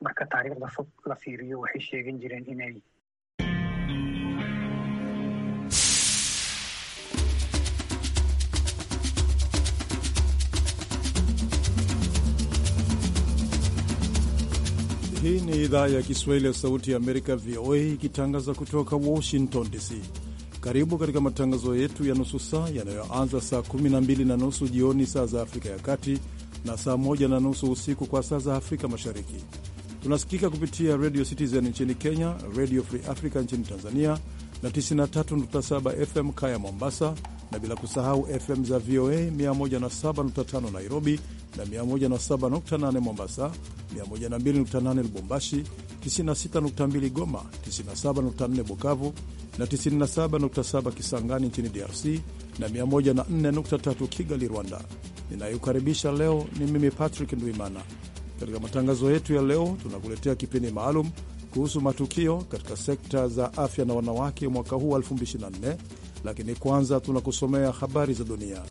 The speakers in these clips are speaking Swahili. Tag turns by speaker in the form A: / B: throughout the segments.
A: marka taariikhda fog la fiiriyo waxay sheegan jireen inay
B: Hii ni idhaa ya Kiswahili ya Sauti ya Amerika, VOA, ikitangaza kutoka Washington DC. Karibu katika matangazo yetu ya nusu saa yanayoanza saa 12 na nusu jioni saa za Afrika ya Kati na saa 1 na nusu usiku kwa saa za Afrika Mashariki Tunasikika kupitia Radio Citizen nchini Kenya, Radio Free Africa nchini Tanzania na 93.7 FM Kaya Mombasa, na bila kusahau FM za VOA 107.5 Nairobi na 107.8 Mombasa, 102.8 Lubumbashi, 96.2 Goma, 97.4 Bukavu na 97.7 Kisangani nchini DRC na 104.3 Kigali, Rwanda. Ninayokaribisha leo ni mimi Patrick Ndwimana. Katika matangazo yetu ya leo, tunakuletea kipindi maalum kuhusu matukio katika sekta za afya na wanawake mwaka huu 2024, lakini kwanza tunakusomea habari za dunia.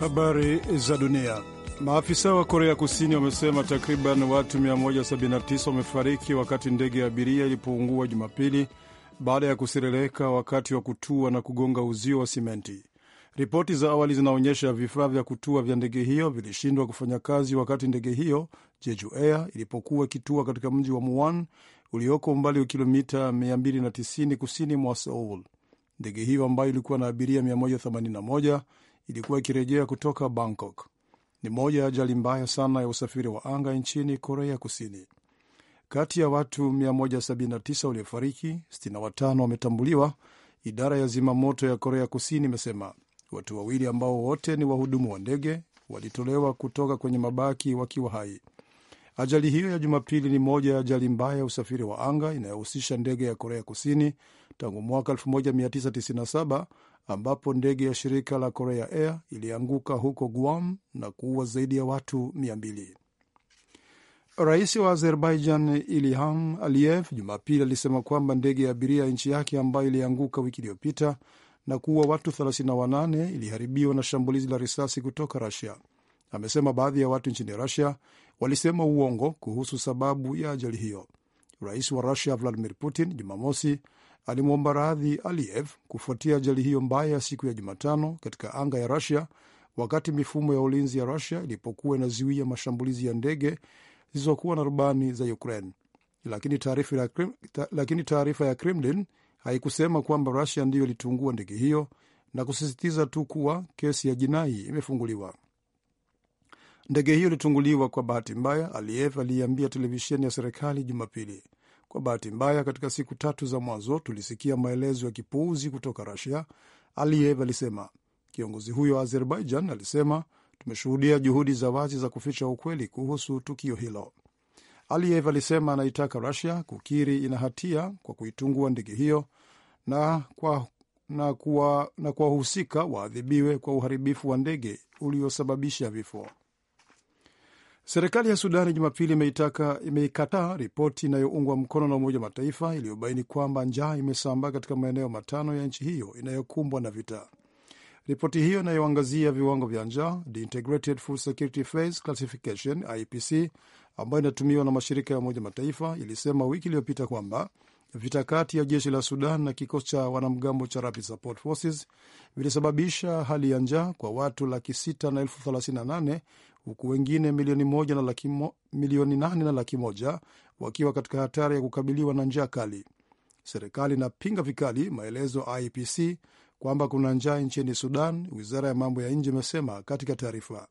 B: Habari za dunia. Maafisa wa Korea Kusini wamesema takriban watu 179 wamefariki wakati ndege ya abiria ilipoungua Jumapili baada ya kusereleka wakati wa kutua na kugonga uzio wa simenti. Ripoti za awali zinaonyesha vifaa vya kutua vya ndege hiyo vilishindwa kufanya kazi wakati ndege hiyo Jeju Air ilipokuwa ikitua katika mji wa Muan ulioko umbali wa kilomita 290 kusini mwa Seoul. Ndege hiyo ambayo ilikuwa na abiria 181 ilikuwa ikirejea kutoka Bangkok. Ni moja ya ajali mbaya sana ya usafiri wa anga nchini Korea Kusini. Kati ya watu 179 waliofariki, 65 wametambuliwa, idara ya zimamoto ya Korea Kusini imesema. Watu wawili ambao wote ni wahudumu wa ndege walitolewa kutoka kwenye mabaki wakiwa hai. Ajali hiyo ya Jumapili ni moja ya ajali mbaya ya usafiri wa anga inayohusisha ndege ya Korea Kusini tangu mwaka 1997 ambapo ndege ya shirika la Korea Air ilianguka huko Guam na kuua zaidi ya watu 200. Rais wa Azerbaijan Ilham Aliyev Jumapili alisema kwamba ndege ya abiria ya nchi yake ambayo ilianguka wiki iliyopita na kuua watu 38 iliharibiwa na shambulizi la risasi kutoka Rusia. Amesema baadhi ya watu nchini Rusia walisema uongo kuhusu sababu ya ajali hiyo. Rais wa Rusia Vladimir Putin Jumamosi alimwomba radhi Aliyev kufuatia ajali hiyo mbaya siku ya Jumatano katika anga ya Rusia, wakati mifumo ya ulinzi ya Rusia ilipokuwa inazuia mashambulizi ya ndege zisizokuwa na rubani za Ukraine. Lakini taarifa ya, Kremlin haikusema kwamba Rusia ndiyo ilitungua ndege hiyo na kusisitiza tu kuwa kesi ya jinai imefunguliwa. Ndege hiyo ilitunguliwa kwa bahati mbaya, Aliyev aliiambia televisheni ya serikali Jumapili. Kwa bahati mbaya, katika siku tatu za mwanzo tulisikia maelezo ya kipuuzi kutoka Rusia, Aliyev alisema. Kiongozi huyo wa Azerbaijan alisema tumeshuhudia juhudi za wazi za kuficha ukweli kuhusu tukio hilo. Aliyev alisema anaitaka Rusia kukiri ina hatia kwa kuitungua ndege hiyo na kwa na kuwa na kuwahusika waadhibiwe kwa uharibifu wa ndege uliosababisha vifo. Serikali ya Sudani Jumapili imeitaka imeikataa ripoti inayoungwa mkono na Umoja wa Mataifa iliyobaini kwamba njaa imesambaa katika maeneo matano ya nchi hiyo inayokumbwa na vita. Ripoti hiyo inayoangazia viwango vya njaa, The Integrated Food Security Phase Classification IPC, ambayo inatumiwa na mashirika ya Umoja Mataifa, ilisema wiki iliyopita kwamba vita kati ya jeshi la Sudan na kikosi cha wanamgambo cha Rapid Support Forces vilisababisha hali ya njaa kwa watu laki sita na elfu thelathini na nane huku wengine milioni moja na laki mo, milioni nane na laki moja wakiwa katika hatari ya kukabiliwa na njaa kali. Serikali inapinga vikali maelezo IPC kwamba kuna njaa nchini Sudan, wizara ya mambo ya nje imesema katika taarifa.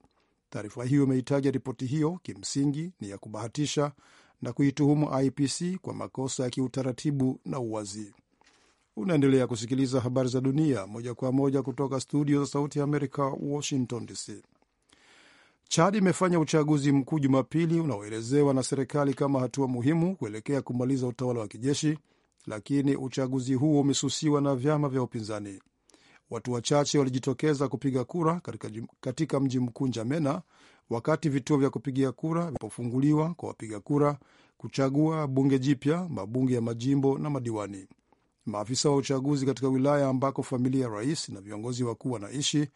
B: Taarifa hiyo imeitaja ripoti hiyo kimsingi ni ya kubahatisha na kuituhumu IPC kwa makosa ya kiutaratibu na uwazi. Unaendelea kusikiliza habari za dunia moja kwa moja kutoka studio za Sauti ya Amerika, Washington DC. Chad imefanya uchaguzi mkuu Jumapili unaoelezewa na serikali kama hatua muhimu kuelekea kumaliza utawala wa kijeshi, lakini uchaguzi huo umesusiwa na vyama vya upinzani. Watu wachache walijitokeza kupiga kura katika, katika mji mkuu Njamena wakati vituo vya kupigia kura vilipofunguliwa kwa wapiga kura kuchagua bunge jipya, mabunge ya majimbo na madiwani. Maafisa wa uchaguzi katika wilaya ambako familia ya rais na viongozi wakuu wanaishi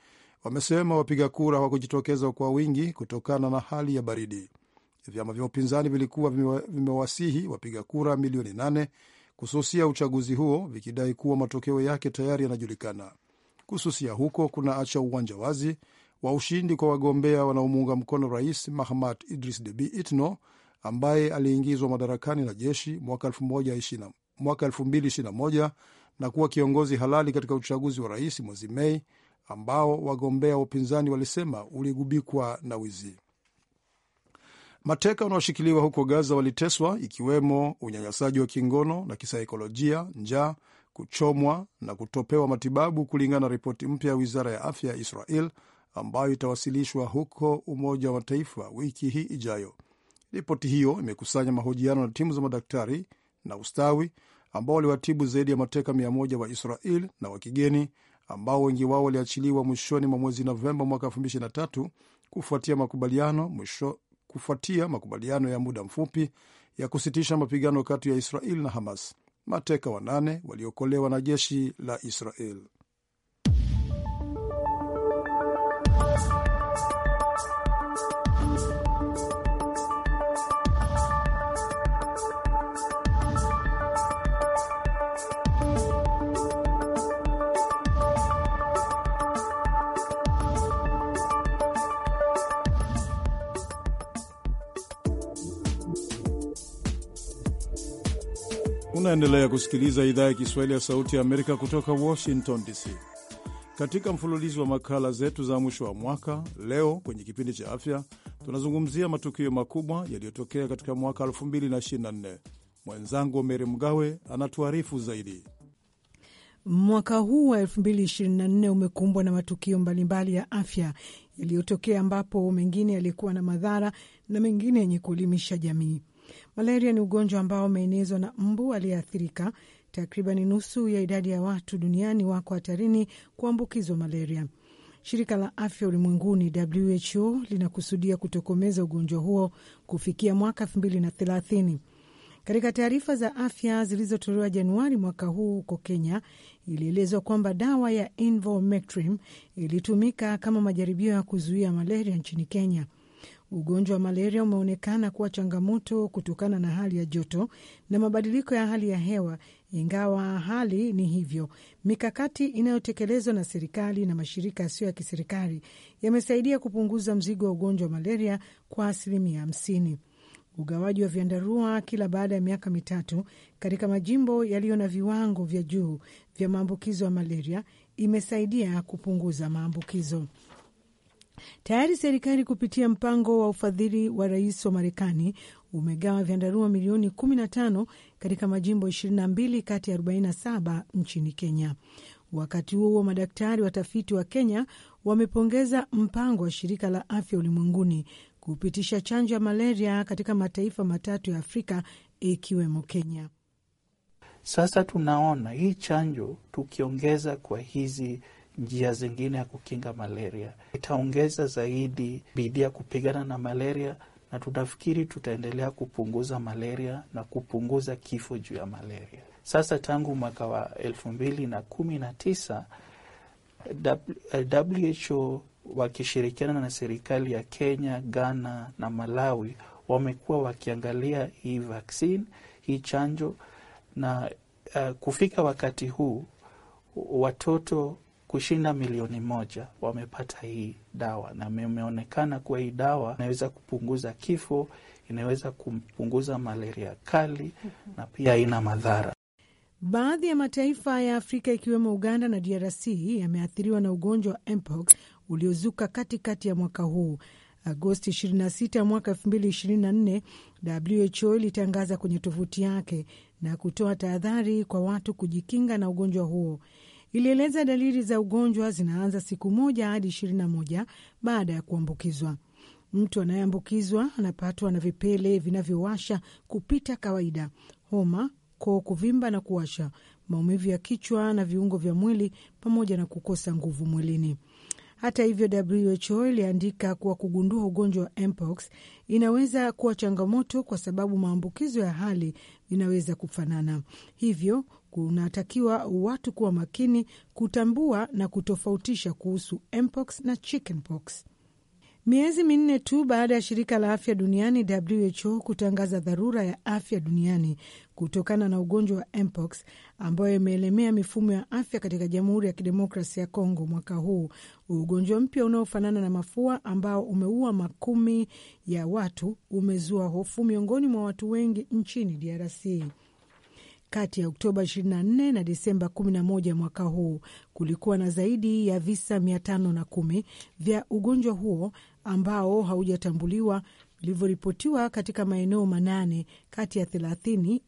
B: wamesema wapiga kura hawakujitokeza kwa wingi kutokana na hali ya baridi. Vyama vya upinzani vilikuwa vimewasihi wapiga kura milioni nane kususia uchaguzi huo vikidai kuwa matokeo yake tayari yanajulikana. Kususia huko kunaacha uwanja wazi wa ushindi kwa wagombea wanaomuunga mkono Rais Mahamat Idris Deby Itno ambaye aliingizwa madarakani na jeshi mwaka 2021 na kuwa kiongozi halali katika uchaguzi wa rais mwezi Mei ambao wagombea wa upinzani walisema uligubikwa na wizi. Mateka wanaoshikiliwa huko Gaza waliteswa, ikiwemo unyanyasaji wa kingono na kisaikolojia, njaa kuchomwa na kutopewa matibabu, kulingana na ripoti mpya ya wizara ya afya ya Israel ambayo itawasilishwa huko Umoja wa Mataifa wiki hii ijayo. Ripoti hiyo imekusanya mahojiano na timu za madaktari na ustawi ambao waliwatibu zaidi ya mateka mia moja wa Israel na wa kigeni ambao wengi wao waliachiliwa mwishoni mwa mwezi Novemba mwaka 2023 kufuatia makubaliano mwisho, kufuatia makubaliano ya muda mfupi ya kusitisha mapigano kati ya Israel na Hamas mateka wanane waliokolewa na jeshi la Israel. Unaendelea kusikiliza idhaa ya Kiswahili ya Sauti ya Amerika kutoka Washington DC. Katika mfululizi wa makala zetu za mwisho wa mwaka, leo kwenye kipindi cha afya tunazungumzia matukio makubwa yaliyotokea katika mwaka 2024. Mwenzangu Meri Mgawe anatuarifu zaidi.
C: Mwaka huu wa 2024 umekumbwa na matukio mbalimbali ya afya yaliyotokea, ambapo mengine yalikuwa na madhara na mengine yenye kuelimisha jamii. Malaria ni ugonjwa ambao umeenezwa na mbu aliyeathirika. Takriban nusu ya idadi ya watu duniani wako hatarini kuambukizwa malaria. Shirika la afya ulimwenguni WHO linakusudia kutokomeza ugonjwa huo kufikia mwaka 2030 Katika taarifa za afya zilizotolewa Januari mwaka huu huko Kenya, ilielezwa kwamba dawa ya Invermectin ilitumika kama majaribio ya kuzuia malaria nchini Kenya. Ugonjwa wa malaria umeonekana kuwa changamoto kutokana na hali ya joto na mabadiliko ya hali ya hewa. Ingawa hali ni hivyo, mikakati inayotekelezwa na serikali na mashirika yasiyo ya kiserikali yamesaidia kupunguza mzigo wa ugonjwa wa malaria kwa asilimia hamsini. Ugawaji wa vyandarua kila baada ya miaka mitatu katika majimbo yaliyo na viwango vya juu vya maambukizo ya malaria imesaidia kupunguza maambukizo. Tayari serikali kupitia mpango wa ufadhili wa rais wa Marekani umegawa vyandarua milioni 15 katika majimbo 22 kati ya 47 nchini Kenya. Wakati huo huo, madaktari watafiti wa Kenya wamepongeza mpango wa shirika la afya ulimwenguni kupitisha chanjo ya malaria katika mataifa matatu ya Afrika ikiwemo Kenya.
D: Sasa tunaona hii chanjo tukiongeza kwa hizi njia zingine ya kukinga malaria. Itaongeza zaidi bidii ya kupigana na malaria, na tunafikiri tutaendelea kupunguza malaria na kupunguza kifo juu ya malaria. Sasa tangu mwaka wa elfu mbili na kumi na tisa WHO wakishirikiana na serikali ya Kenya, Ghana na Malawi wamekuwa wakiangalia hii vaccine, hii chanjo na uh, kufika wakati huu watoto kushinda milioni moja wamepata hii dawa, na imeonekana kuwa hii dawa inaweza kupunguza kifo, inaweza kupunguza malaria kali na pia haina madhara.
C: Baadhi ya mataifa ya Afrika ikiwemo Uganda na DRC yameathiriwa na ugonjwa wa mpox uliozuka katikati ya mwaka huu. Agosti 26 mwaka 2024, WHO ilitangaza kwenye tovuti yake na kutoa tahadhari kwa watu kujikinga na ugonjwa huo ilieleza dalili za ugonjwa zinaanza siku moja hadi ishirini na moja baada ya kuambukizwa. Mtu anayeambukizwa anapatwa na vipele vinavyowasha kupita kawaida, homa, koo kuvimba na kuwasha, maumivu ya kichwa na viungo vya mwili, pamoja na kukosa nguvu mwilini. Hata hivyo, WHO iliandika kuwa kugundua ugonjwa wa mpox inaweza kuwa changamoto kwa sababu maambukizo ya hali inaweza kufanana, hivyo kunatakiwa watu kuwa makini kutambua na kutofautisha kuhusu mpox na chickenpox. Miezi minne tu baada ya shirika la afya duniani WHO kutangaza dharura ya afya duniani kutokana na ugonjwa wa mpox ambayo imeelemea mifumo ya afya katika Jamhuri ya kidemokrasi ya Kongo mwaka huu, ugonjwa mpya unaofanana na mafua ambao umeua makumi ya watu umezua hofu miongoni mwa watu wengi nchini DRC kati ya Oktoba 24 na Disemba 11 mwaka huu kulikuwa na zaidi ya visa 510 vya ugonjwa huo ambao haujatambuliwa vilivyoripotiwa katika maeneo manane kati ya 30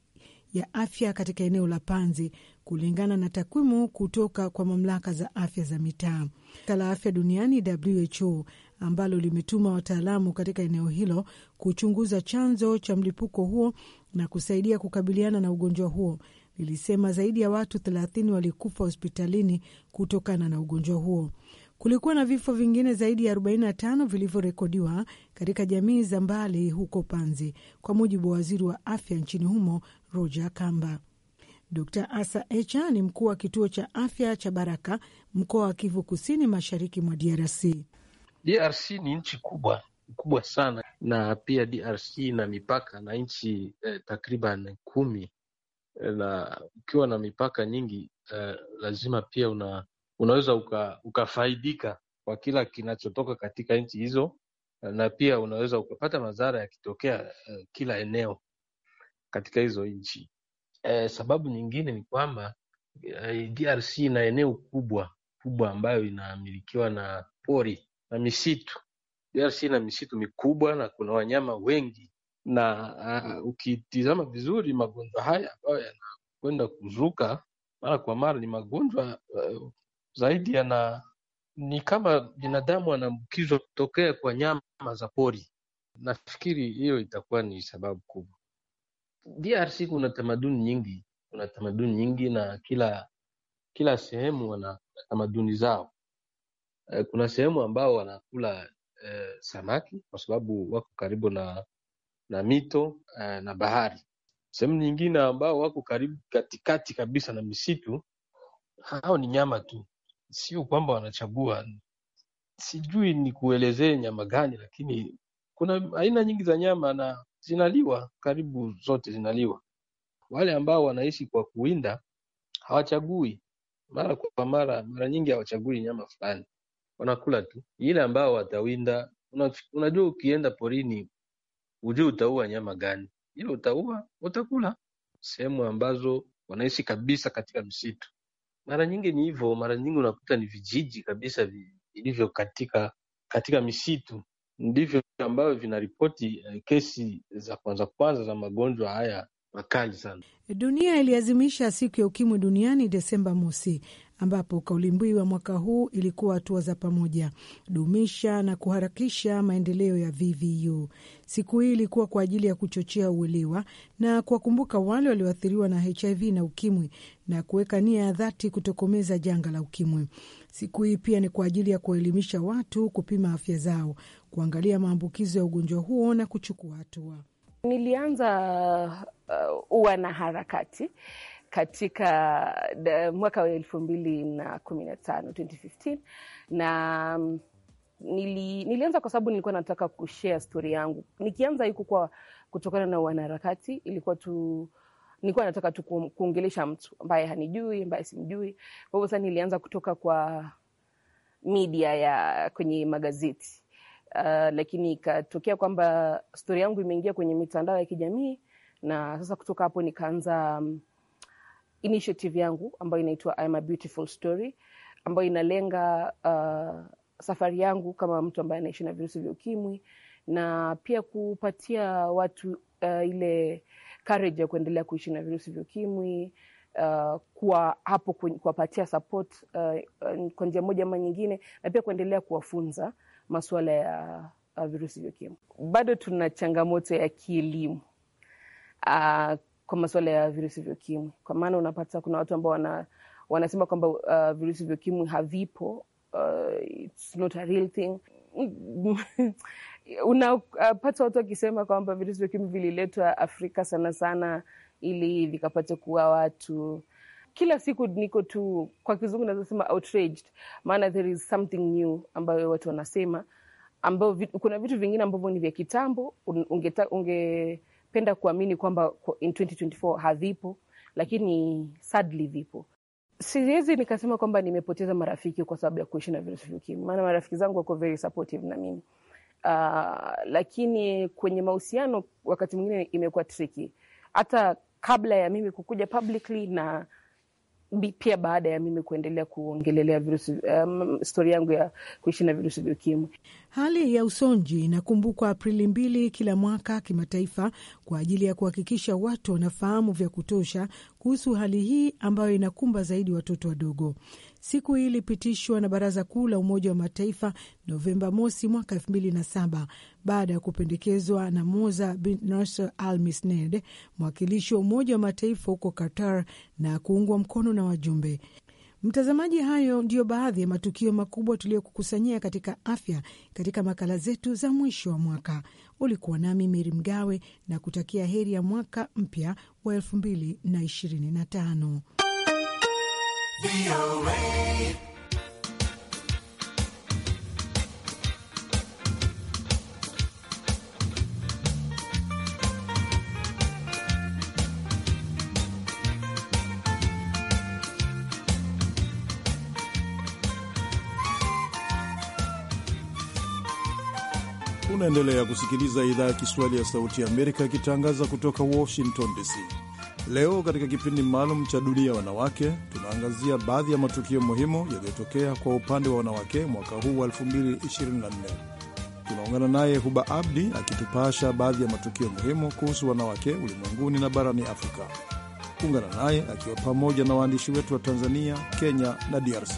C: ya afya katika eneo la Panzi kulingana na takwimu kutoka kwa mamlaka za afya za mitaa. Shirika la afya duniani WHO ambalo limetuma wataalamu katika eneo hilo kuchunguza chanzo cha mlipuko huo na kusaidia kukabiliana na ugonjwa huo, lilisema zaidi ya watu 30 walikufa hospitalini kutokana na ugonjwa huo. Kulikuwa na vifo vingine zaidi ya 45 vilivyorekodiwa katika jamii za mbali huko Panzi, kwa mujibu wa waziri wa afya nchini humo Roger Kamba. Dr Asa Echa ni mkuu wa kituo cha afya cha Baraka, mkoa wa Kivu Kusini, mashariki mwa DRC.
E: DRC ni nchi kubwa kubwa sana, na pia DRC ina mipaka na nchi eh, takriban kumi, eh, na ukiwa na mipaka nyingi eh, lazima pia una, unaweza uka, ukafaidika kwa kila kinachotoka katika nchi hizo, na pia unaweza ukapata madhara yakitokea eh, kila eneo katika hizo nchi. Eh, sababu nyingine ni kwamba eh, DRC ina eneo kubwa kubwa ambayo inamilikiwa na pori na misitu. DRC ina misitu mikubwa na kuna wanyama wengi, na uh, ukitizama vizuri magonjwa haya ambayo yanakwenda kuzuka mara kwa mara ni magonjwa uh, zaidi yana ni kama binadamu anaambukizwa kutokea kwa nyama za pori. Nafikiri hiyo itakuwa ni sababu kubwa. DRC kuna tamaduni nyingi, kuna tamaduni nyingi na kila kila sehemu wana tamaduni zao. Eh, kuna sehemu ambao wanakula eh, samaki kwa sababu wako karibu na, na mito eh, na bahari. Sehemu nyingine ambao wako karibu katikati kabisa na misitu, hao ni nyama tu, sio kwamba wanachagua. Sijui ni kuelezee nyama gani, lakini kuna aina nyingi za nyama na zinaliwa, karibu zote zinaliwa. Wale ambao wanaishi kwa kuwinda hawachagui mara kwa mara, mara nyingi hawachagui nyama fulani wanakula tu, ile ambao watawinda. Una, unajua ukienda porini hujui utaua nyama gani, ile utaua utakula. Sehemu ambazo wanaishi kabisa katika msitu, mara nyingi ni hivyo, mara nyingi unakuta ni vijiji kabisa vilivyo katika katika misitu ndivyo ambavyo vinaripoti eh, kesi za kwanza kwanza za magonjwa haya makali sana.
C: Dunia iliazimisha siku ya ukimwi duniani Desemba mosi, ambapo kauli mbiu ya mwaka huu ilikuwa hatua za pamoja, dumisha na kuharakisha maendeleo ya VVU. Siku hii ilikuwa kwa ajili ya kuchochea uelewa na kuwakumbuka wale walioathiriwa na HIV na ukimwi na kuweka nia ya dhati kutokomeza janga la ukimwi. Siku hii pia ni kwa ajili ya kuwaelimisha watu kupima afya zao, kuangalia maambukizo ya ugonjwa huo na kuchukua hatua.
F: Nilianza uh, na uh, katika de, mwaka wa elfu mbili na kumi na tano 2015 na um, nili, nilianza kwa sababu nilikuwa nataka kushare stori yangu. Nikianza hiku kwa kutokana na wanaharakati, ilikuwa tu nilikuwa nataka tu kuongelesha mtu ambaye hanijui ambaye simjui. Kwa hivyo sasa nilianza kutoka kwa media ya kwenye magazeti uh, lakini ikatokea kwamba stori yangu imeingia kwenye mitandao ya kijamii, na sasa kutoka hapo nikaanza um, initiative yangu ambayo inaitwa I'm a Beautiful Story ambayo inalenga uh, safari yangu kama mtu ambaye anaishi na virusi vya ukimwi na pia kupatia watu uh, ile courage ya kuendelea kuishi na virusi vya ukimwi uh, kuwa hapo kuwapatia support uh, kwa njia moja ama nyingine, na pia kuendelea kuwafunza masuala ya virusi vya ukimwi. Bado tuna changamoto ya kielimu uh, kwa masuala ya virusi vya ukimwi, kwa maana unapata kuna watu ambao wana, wanasema kwamba uh, virusi vya ukimwi havipo, uh, it's not a real thing unapata uh, watu wakisema kwamba virusi vya ukimwi vililetwa Afrika sana sana ili vikapate kuua watu kila siku niko tu, kwa kizungu nazosema outraged, maana there is something new ambayo watu wanasema, ambayo kuna vitu vingine ambavyo ni vya kitambo ungependa unge kuamini kwamba in 2024 havipo, lakini sadly vipo. Siwezi nikasema kwamba nimepoteza marafiki kwa sababu ya kuishi na virusi vya ukimwi, maana marafiki zangu wako very supportive na mimi uh, lakini kwenye mahusiano wakati mwingine imekuwa tricky hata kabla ya mimi kukuja publicly na pia baada ya mimi kuendelea kuongelelea virusi um, stori yangu ya kuishi na virusi vya ukimwi.
C: Hali ya usonji inakumbukwa Aprili mbili kila mwaka kimataifa kwa ajili ya kuhakikisha watu wanafahamu vya kutosha kuhusu hali hii ambayo inakumba zaidi watoto wadogo. Siku hii ilipitishwa na Baraza Kuu la Umoja wa Mataifa Novemba mosi mwaka elfu mbili na saba baada ya kupendekezwa na Moza bin Nasser Al Misned, mwakilishi wa Umoja wa Mataifa huko Qatar, na kuungwa mkono na wajumbe. Mtazamaji, hayo ndiyo baadhi ya matukio makubwa tuliyokukusanyia katika afya katika makala zetu za mwisho wa mwaka. Ulikuwa nami Meri Mgawe na kutakia heri ya mwaka mpya wa elfu mbili na ishirini na tano.
B: Unaendelea kusikiliza idhaa ya Kiswahili ya Sauti ya Amerika ikitangaza kutoka Washington DC. Leo katika kipindi maalum cha Dunia ya Wanawake tunaangazia baadhi ya matukio muhimu yaliyotokea kwa upande wa wanawake mwaka huu wa 2024. Tunaungana naye Huba Abdi akitupasha baadhi ya matukio muhimu kuhusu wanawake ulimwenguni na barani Afrika. Kuungana naye akiwa pamoja na waandishi wetu wa Tanzania, Kenya na DRC.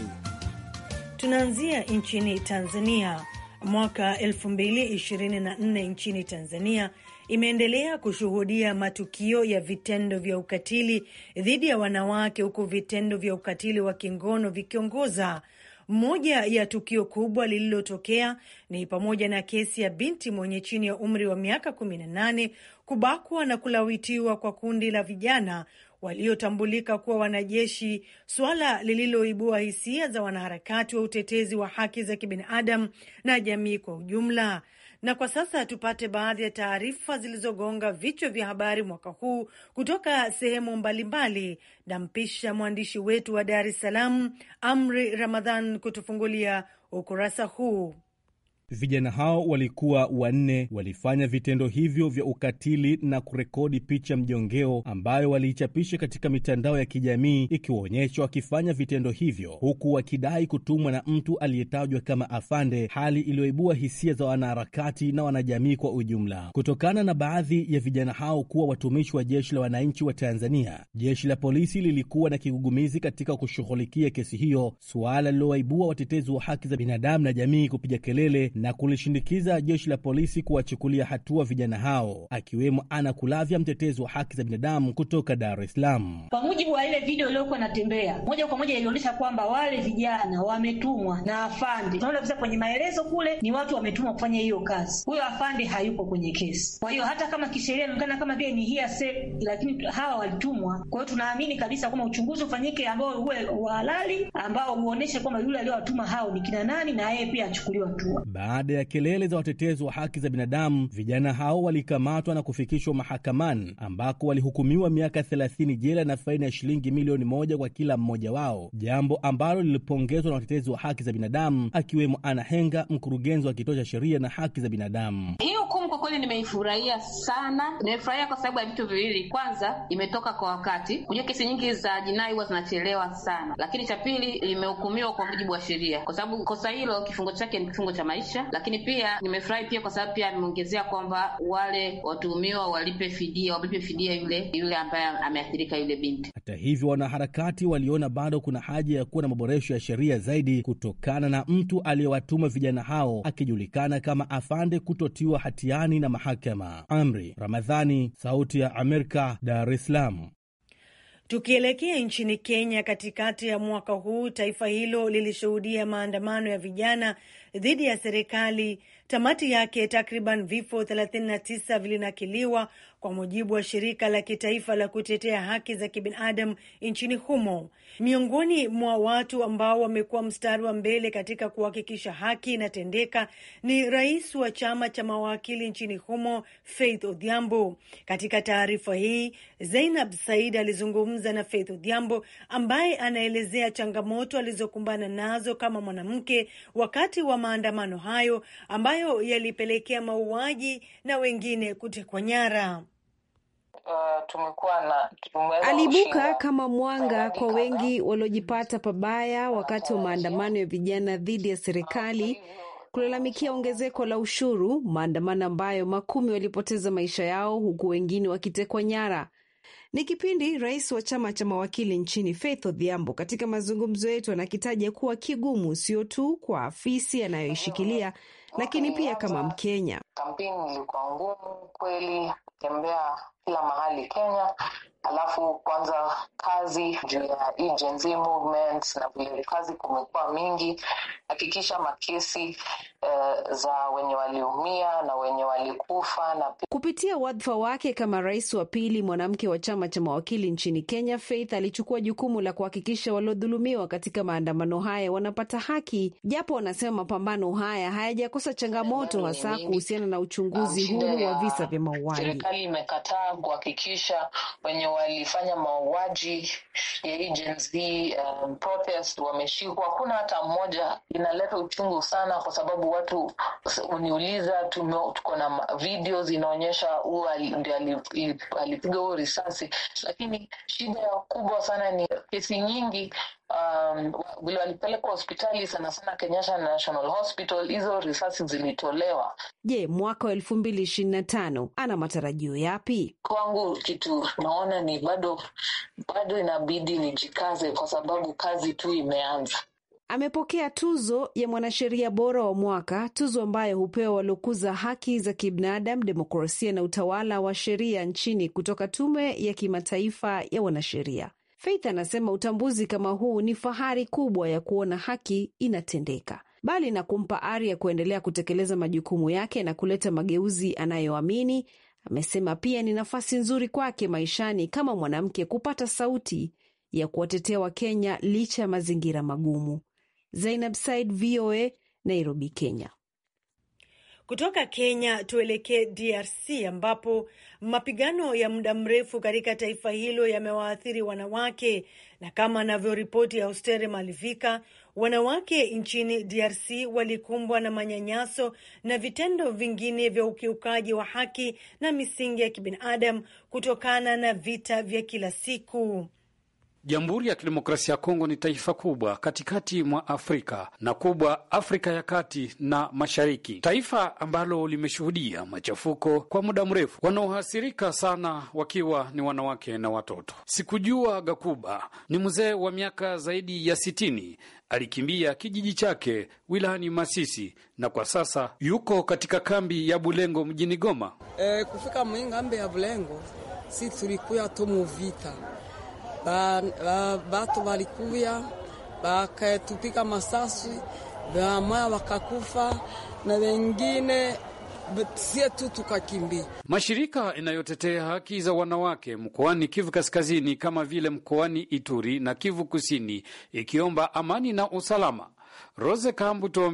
G: Tunaanzia nchini Tanzania mwaka 2024 nchini Tanzania imeendelea kushuhudia matukio ya vitendo vya ukatili dhidi ya wanawake huku vitendo vya ukatili wa kingono vikiongoza. Moja ya tukio kubwa lililotokea ni pamoja na kesi ya binti mwenye chini ya umri wa miaka 18 kubakwa na kulawitiwa kwa kundi la vijana waliotambulika kuwa wanajeshi, suala lililoibua hisia za wanaharakati wa utetezi wa haki za kibinadamu na jamii kwa ujumla. Na kwa sasa tupate baadhi ya taarifa zilizogonga vichwa vya habari mwaka huu kutoka sehemu mbalimbali. Nampisha mwandishi wetu wa Dar es Salaam, Amri Ramadhan, kutufungulia ukurasa huu.
D: Vijana hao walikuwa wanne, walifanya vitendo hivyo vya ukatili na kurekodi picha mjongeo ambayo waliichapisha katika mitandao ya kijamii ikiwaonyesha wakifanya vitendo hivyo, huku wakidai kutumwa na mtu aliyetajwa kama afande, hali iliyoibua hisia za wanaharakati na wanajamii kwa ujumla, kutokana na baadhi ya vijana hao kuwa watumishi wa jeshi la wananchi wa Tanzania. Jeshi la polisi lilikuwa na kigugumizi katika kushughulikia kesi hiyo, suala lililowaibua watetezi wa haki za binadamu na jamii kupiga kelele na kulishindikiza jeshi la polisi kuwachukulia hatua vijana hao, akiwemo Ana Kulavya, mtetezi wa haki za binadamu kutoka Dar es Salaam.
H: Kwa mujibu wa ile video iliyokuwa inatembea moja kwa moja, ilionyesha kwamba wale vijana wametumwa na afande, tunaona kabisa kwenye maelezo kule ni watu wametumwa kufanya hiyo kazi. Huyo afande hayupo kwenye kesi, kwa hiyo hata kama kisheria inaonekana kama vile ni hearsay, lakini hawa walitumwa. Kwa hiyo tunaamini kabisa kwamba uchunguzi ufanyike ambao uwe wa halali, ambao uoneshe kwamba yule aliyowatuma hao ni kina nani, na yeye pia achukuliwe hatua.
D: Baada ya kelele za watetezi wa haki za binadamu, vijana hao walikamatwa na kufikishwa mahakamani ambako walihukumiwa miaka 30 jela na faini ya shilingi milioni moja kwa kila mmoja wao, jambo ambalo lilipongezwa na watetezi wa haki za binadamu akiwemo Ana Henga, mkurugenzi wa kituo cha sheria na haki za binadamu.
F: Hii hukumu kwa kweli nimeifurahia sana, nimefurahia kwa sababu ya vitu viwili. Kwanza, imetoka kwa wakati. Kujua kesi nyingi za jinai huwa zinachelewa sana, lakini cha pili, limehukumiwa kwa mujibu wa sheria, kwa sababu kosa hilo kifungo chake ni kifungo cha maisha kutosha, lakini pia nimefurahi pia kwa sababu pia ameongezea kwamba wale watuhumiwa walipe fidia, walipe fidia yule yule ambaye ameathirika yule binti.
D: Hata hivyo, wanaharakati waliona bado kuna haja ya kuwa na maboresho ya sheria zaidi kutokana na mtu aliyewatuma vijana hao akijulikana kama afande kutotiwa hatiani na mahakama. Amri Ramadhani, Sauti ya Amerika, Dar es Salaam.
G: Tukielekea nchini Kenya, katikati ya mwaka huu, taifa hilo lilishuhudia maandamano ya vijana dhidi ya serikali. Tamati yake takriban vifo 39 vilinakiliwa kwa mujibu wa shirika la kitaifa la kutetea haki za kibinadamu nchini humo. Miongoni mwa watu ambao wamekuwa mstari wa mbele katika kuhakikisha haki inatendeka ni rais wa chama cha mawakili nchini humo Faith Odhiambo. Katika taarifa hii, Zainab Said alizungumza na Faith Odhiambo ambaye anaelezea changamoto alizokumbana nazo kama mwanamke wakati wa maandamano hayo ambayo yalipelekea mauaji na wengine kutekwa nyara. Uh, alibuka
I: kama mwanga kwa wengi waliojipata pabaya wakati wa maandamano ya vijana dhidi ya serikali kulalamikia ongezeko la ushuru, maandamano ambayo makumi walipoteza maisha yao huku wengine wakitekwa nyara. Ni kipindi rais wa chama cha mawakili nchini Faith Odhiambo katika mazungumzo yetu anakitaja kuwa kigumu, sio tu kwa afisi anayoishikilia lakini pia kama Mkenya.
H: Kampeni ilikuwa ngumu kweli, kutembea kila mahali Kenya, Alafu kwanza kazi juu ya hii Gen Z movement na vile kazi kumekuwa mingi, hakikisha makesi uh, za wenye waliumia na wenye walikufa na
I: kupitia wadhifa wake kama rais wa pili mwanamke wa chama cha mawakili nchini Kenya, Faith alichukua jukumu la kuhakikisha waliodhulumiwa katika maandamano haya wanapata haki, japo wanasema mapambano haya hayajakosa changamoto, hasa kuhusiana na uchunguzi huru wa visa vya mauaji. Serikali
H: imekataa kuhakikisha wenye walifanya mauaji ya hii Gen Z um, protest wameshikwa, hakuna hata mmoja. Inaleta uchungu sana, kwa sababu watu uniuliza, tuko na video zinaonyesha huo ndio alipiga huo risasi, lakini shida kubwa sana ni kesi nyingi um, walipelekwa hospitali sana sana Kenyatta National Hospital, hizo risasi zilitolewa. Je, mwaka
I: wa elfu mbili ishirini na tano ana matarajio yapi?
H: Kwangu kitu naona ni bado bado inabidi nijikaze, kwa sababu kazi tu imeanza.
I: Amepokea tuzo ya mwanasheria bora wa mwaka, tuzo ambayo hupewa waliokuza haki za kibinadamu, demokrasia na utawala wa sheria nchini kutoka Tume ya Kimataifa ya Wanasheria. Faith anasema utambuzi kama huu ni fahari kubwa ya kuona haki inatendeka, bali na kumpa ari ya kuendelea kutekeleza majukumu yake na kuleta mageuzi anayoamini. Amesema pia ni nafasi nzuri kwake maishani kama mwanamke kupata sauti ya kuwatetea Wakenya licha ya mazingira magumu. Zainab Said, VOA, Nairobi, Kenya.
G: Kutoka Kenya tuelekee DRC ambapo mapigano ya muda mrefu katika taifa hilo yamewaathiri wanawake, na kama anavyoripoti ya Austere Malivika, wanawake nchini DRC walikumbwa na manyanyaso na vitendo vingine vya ukiukaji wa haki na misingi ya kibinadamu kutokana na vita vya kila siku.
A: Jamhuri ya Kidemokrasia ya Kongo ni taifa kubwa katikati mwa Afrika na kubwa Afrika ya Kati na Mashariki, taifa ambalo limeshuhudia machafuko kwa muda mrefu, wanaohasirika sana wakiwa ni wanawake na watoto. Sikujua Gakuba ni mzee wa miaka zaidi ya sitini. Alikimbia kijiji chake wilayani Masisi na kwa sasa yuko katika kambi ya Bulengo mjini Goma.
C: E, kufika mwingambe ya Bulengo si tulikuya tumuvita batu walikuya bakatupika masasi bamaya wakakufa na wengine
A: sie tu tukakimbia. Mashirika inayotetea haki za wanawake mkoani Kivu Kaskazini kama vile mkoani Ituri na Kivu Kusini ikiomba amani na usalama Rose Kambuto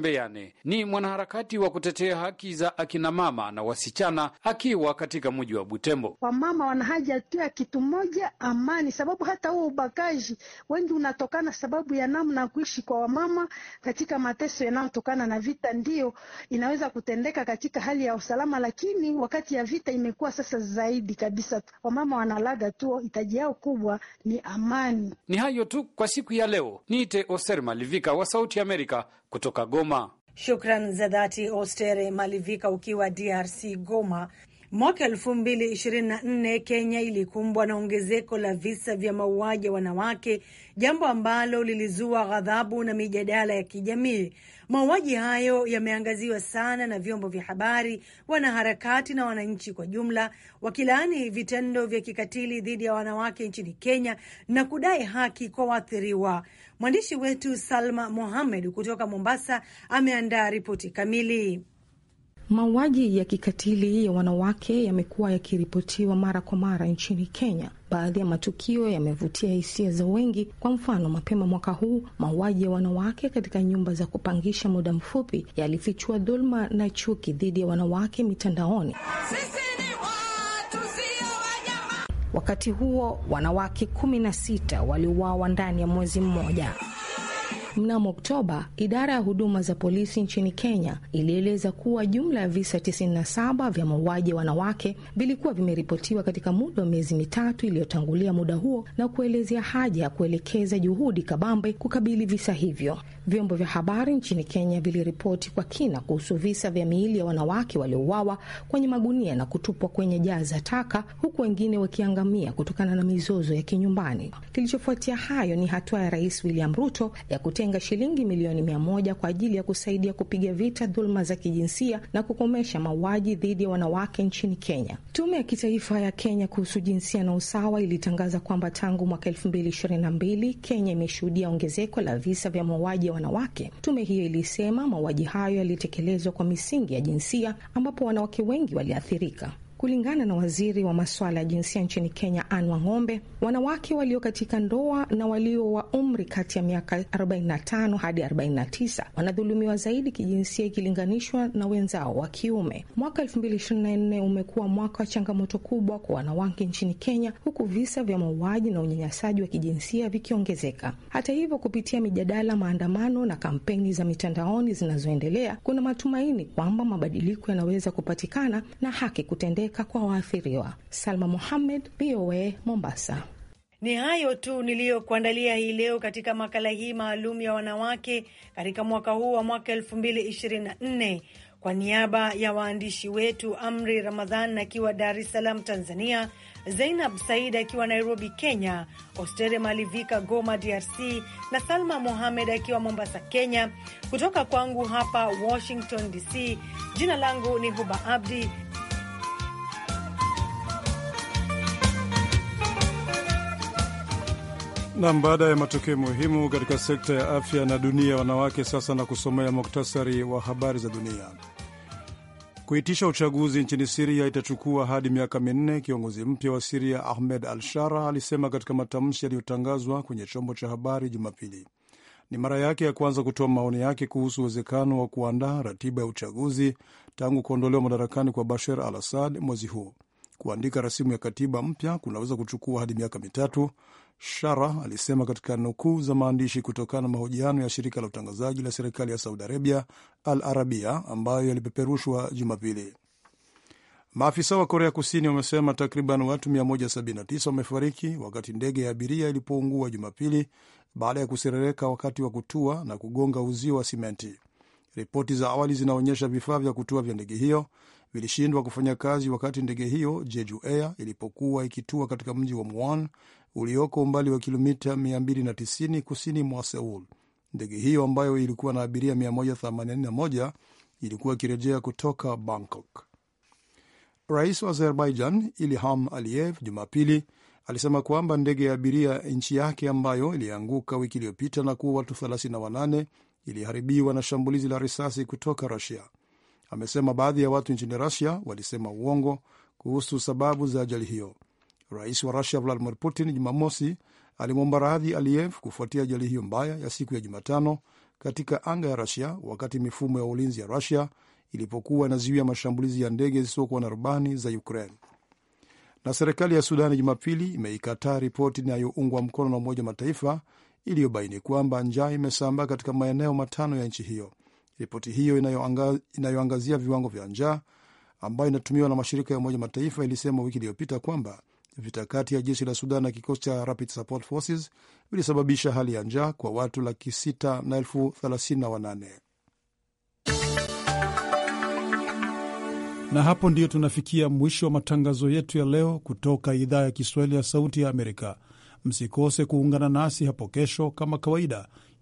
A: ni mwanaharakati wa kutetea haki za akinamama na wasichana akiwa katika mji wa Butembo.
C: Wamama wana haja tu ya kitu moja, amani, sababu hata huo ubakaji wengi unatokana sababu ya namna kuishi kwa wamama katika mateso yanayotokana na vita. Ndiyo inaweza kutendeka katika hali ya usalama, lakini wakati ya vita imekuwa sasa zaidi kabisa. Wamama wanalaga tu, hitaji
G: yao kubwa ni amani.
A: Ni hayo tu kwa siku ya leo. Niite Oser Malivika wa Sauti Amerika. Malivika kutoka Goma.
G: Shukran za dhati Ostere Malivika ukiwa DRC Goma. Mwaka 2024 Kenya ilikumbwa na ongezeko la visa vya mauaji ya wanawake, jambo ambalo lilizua ghadhabu na mijadala ya kijamii. Mauaji hayo yameangaziwa sana na vyombo vya habari, wanaharakati na wananchi kwa jumla, wakilaani vitendo vya kikatili dhidi ya wanawake nchini Kenya na kudai haki kwa waathiriwa. Mwandishi wetu Salma Mohamed kutoka Mombasa ameandaa ripoti kamili. Mauaji ya
J: kikatili ya wanawake yamekuwa yakiripotiwa mara kwa mara nchini Kenya. Baadhi ya matukio yamevutia hisia za wengi. Kwa mfano, mapema mwaka huu mauaji ya wanawake katika nyumba za kupangisha muda mfupi yalifichua dhuluma na chuki dhidi ya wanawake mitandaoni. Wakati huo wanawake kumi na sita waliuawa ndani ya mwezi mmoja. Mnamo Oktoba, idara ya huduma za polisi nchini Kenya ilieleza kuwa jumla ya visa 97 vya mauaji ya wanawake vilikuwa vimeripotiwa katika muda wa miezi mitatu iliyotangulia muda huo, na kuelezea haja ya kuelekeza juhudi kabambe kukabili visa hivyo. Vyombo vya habari nchini Kenya viliripoti kwa kina kuhusu visa vya miili ya wanawake waliouawa kwenye magunia na kutupwa kwenye jaa za taka, huku wengine wakiangamia kutokana na mizozo ya kinyumbani. Kilichofuatia hayo ni hatua ya Rais William Ruto ya kutenga shilingi milioni mia moja kwa ajili ya kusaidia kupiga vita dhuluma za kijinsia na kukomesha mauaji dhidi ya wanawake nchini Kenya. Tume ya Kitaifa ya Kenya kuhusu Jinsia na Usawa ilitangaza kwamba tangu mwaka elfu mbili ishirini na mbili Kenya imeshuhudia ongezeko la visa vya mauaji wanawake. Tume hiyo ilisema mauaji hayo yalitekelezwa kwa misingi ya jinsia, ambapo wanawake wengi waliathirika. Kulingana na waziri wa masuala ya jinsia nchini Kenya, Anne Wang'ombe, wanawake walio katika ndoa na walio wa umri kati ya miaka 45 hadi 49 wanadhulumiwa zaidi kijinsia ikilinganishwa na wenzao wa kiume. Mwaka 2024 umekuwa mwaka wa changamoto kubwa kwa wanawake nchini Kenya, huku visa vya mauaji na unyanyasaji wa kijinsia vikiongezeka. Hata hivyo, kupitia mijadala, maandamano na kampeni za mitandaoni zinazoendelea, kuna matumaini kwamba mabadiliko yanaweza kupatikana na haki kutendeka kupeleka kwa waathiriwa. Salma Mohamed, VOA Mombasa.
G: Ni hayo tu niliyokuandalia hii leo katika makala hii maalum ya wanawake katika mwaka huu wa mwaka elfu mbili ishirini na nne. Kwa niaba ya waandishi wetu Amri Ramadhan akiwa Dar es Salaam, Tanzania, Zainab Said akiwa Nairobi, Kenya, Ostere Malivika Goma, DRC na Salma Mohamed akiwa Mombasa, Kenya. Kutoka kwangu hapa Washington DC, jina langu ni Huba Abdi
B: Nam, baada ya matokeo muhimu katika sekta ya afya na dunia wanawake sasa, na kusomea muktasari wa habari za dunia. Kuitisha uchaguzi nchini Siria itachukua hadi miaka minne, kiongozi mpya wa Siria Ahmed al Shara alisema katika matamshi yaliyotangazwa kwenye chombo cha habari Jumapili. Ni mara yake ya kwanza kutoa maoni yake kuhusu uwezekano wa kuandaa ratiba ya uchaguzi tangu kuondolewa madarakani kwa Bashar al Assad mwezi huu. Kuandika rasimu ya katiba mpya kunaweza kuchukua hadi miaka mitatu, Shara alisema katika nukuu za maandishi kutokana na mahojiano ya shirika la utangazaji la serikali ya Saudi Arabia Al Arabia ambayo yalipeperushwa Jumapili. Maafisa wa Korea Kusini wamesema takriban watu 179 wamefariki wakati ndege ya abiria ilipoungua Jumapili baada ya kuserereka wakati wa kutua na kugonga uzio wa simenti. Ripoti za awali zinaonyesha vifaa vya kutua vya ndege hiyo vilishindwa kufanya kazi wakati ndege hiyo Jeju Air ilipokuwa ikitua katika mji wa Muan ulioko umbali wa kilomita 290 kusini mwa Seul. Ndege hiyo ambayo ilikuwa na abiria 181 ilikuwa ikirejea kutoka Bangkok. Rais wa Azerbaijan Ilham Aliyev Jumapili alisema kwamba ndege ya abiria ya nchi yake ambayo ilianguka wiki iliyopita na kuwa watu 38 iliharibiwa na shambulizi la risasi kutoka Rusia amesema baadhi ya watu nchini Rusia walisema uongo kuhusu sababu za ajali hiyo. Rais wa Rusia Vladimir Putin Jumamosi alimwomba radhi Aliyev kufuatia ajali hiyo mbaya ya siku ya Jumatano katika anga ya Rusia wakati mifumo ya ulinzi ya Rusia ilipokuwa inazuia mashambulizi ya ndege zisizokuwa na rubani za Ukraine. Na serikali ya Sudani Jumapili imeikataa ripoti inayoungwa mkono na Umoja wa Mataifa iliyobaini kwamba njaa imesambaa katika maeneo matano ya nchi hiyo. Ripoti hiyo inayoangazia, viwango vya njaa ambayo inatumiwa na mashirika ya Umoja Mataifa ilisema wiki iliyopita kwamba vita kati ya jeshi la Sudan na kikosi cha Rapid Support Forces vilisababisha hali ya njaa kwa watu laki sita na elfu thelathini na wanane. Na hapo ndiyo tunafikia mwisho wa matangazo yetu ya leo kutoka idhaa ya Kiswahili ya Sauti ya Amerika. Msikose kuungana nasi hapo kesho kama kawaida